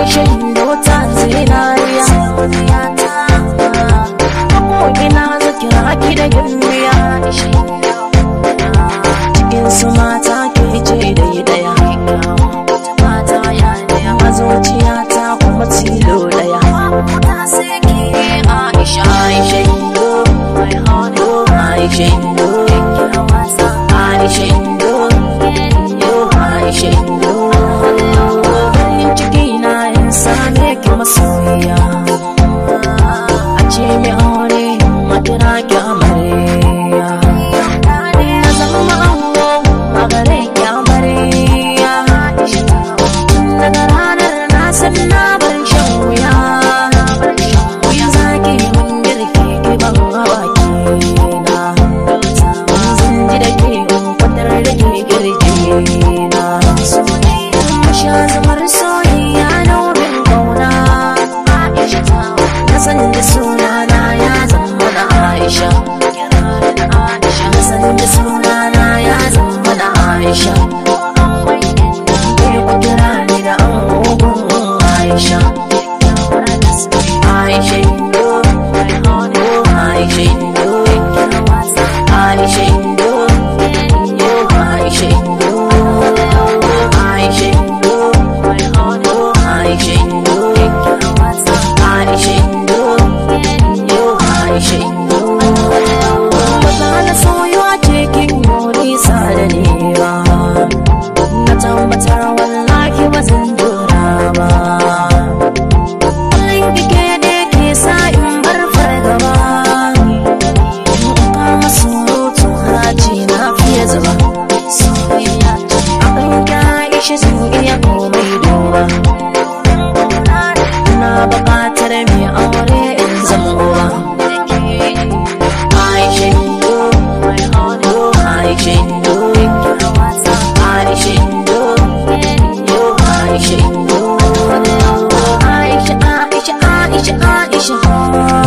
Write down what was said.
kushin da wata zinariya Abokina zakira haki da gimbiya Cikin su mata ke ce da yi daya Mata ya daya mazociya ta kuma tilo daya Aisha Aisha Indo Aisha Indo Aisha Indo Aisha Indo Aisha Sanin da sunana ya zama da Aisha Thank you.